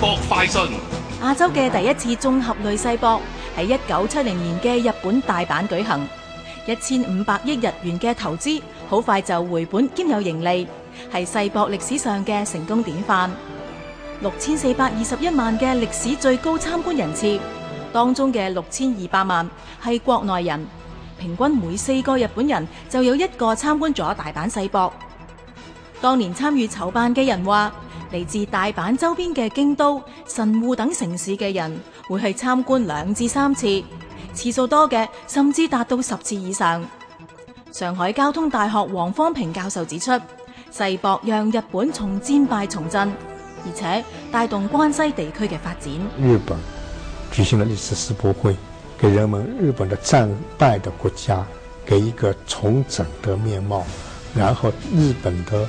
博快訊亞洲嘅第一次綜合類世博喺一九七零年嘅日本大阪舉行，一千五百億日元嘅投資好快就回本兼有盈利，係世博歷史上嘅成功典範。六千四百二十一萬嘅歷史最高參觀人次，當中嘅六千二百萬係國內人，平均每四個日本人就有一個參觀咗大阪世博。當年參與籌辦嘅人話。嚟自大阪周邊嘅京都、神戶等城市嘅人，會去參觀兩至三次，次數多嘅甚至達到十次以上。上海交通大學王方平教授指出，世博讓日本從戰敗重振，而且帶動關西地區嘅發展。日本舉行了一次世博會，給人們日本的戰敗的國家，給一個重整的面貌，然後日本的。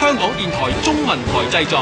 香港電台中文台製作。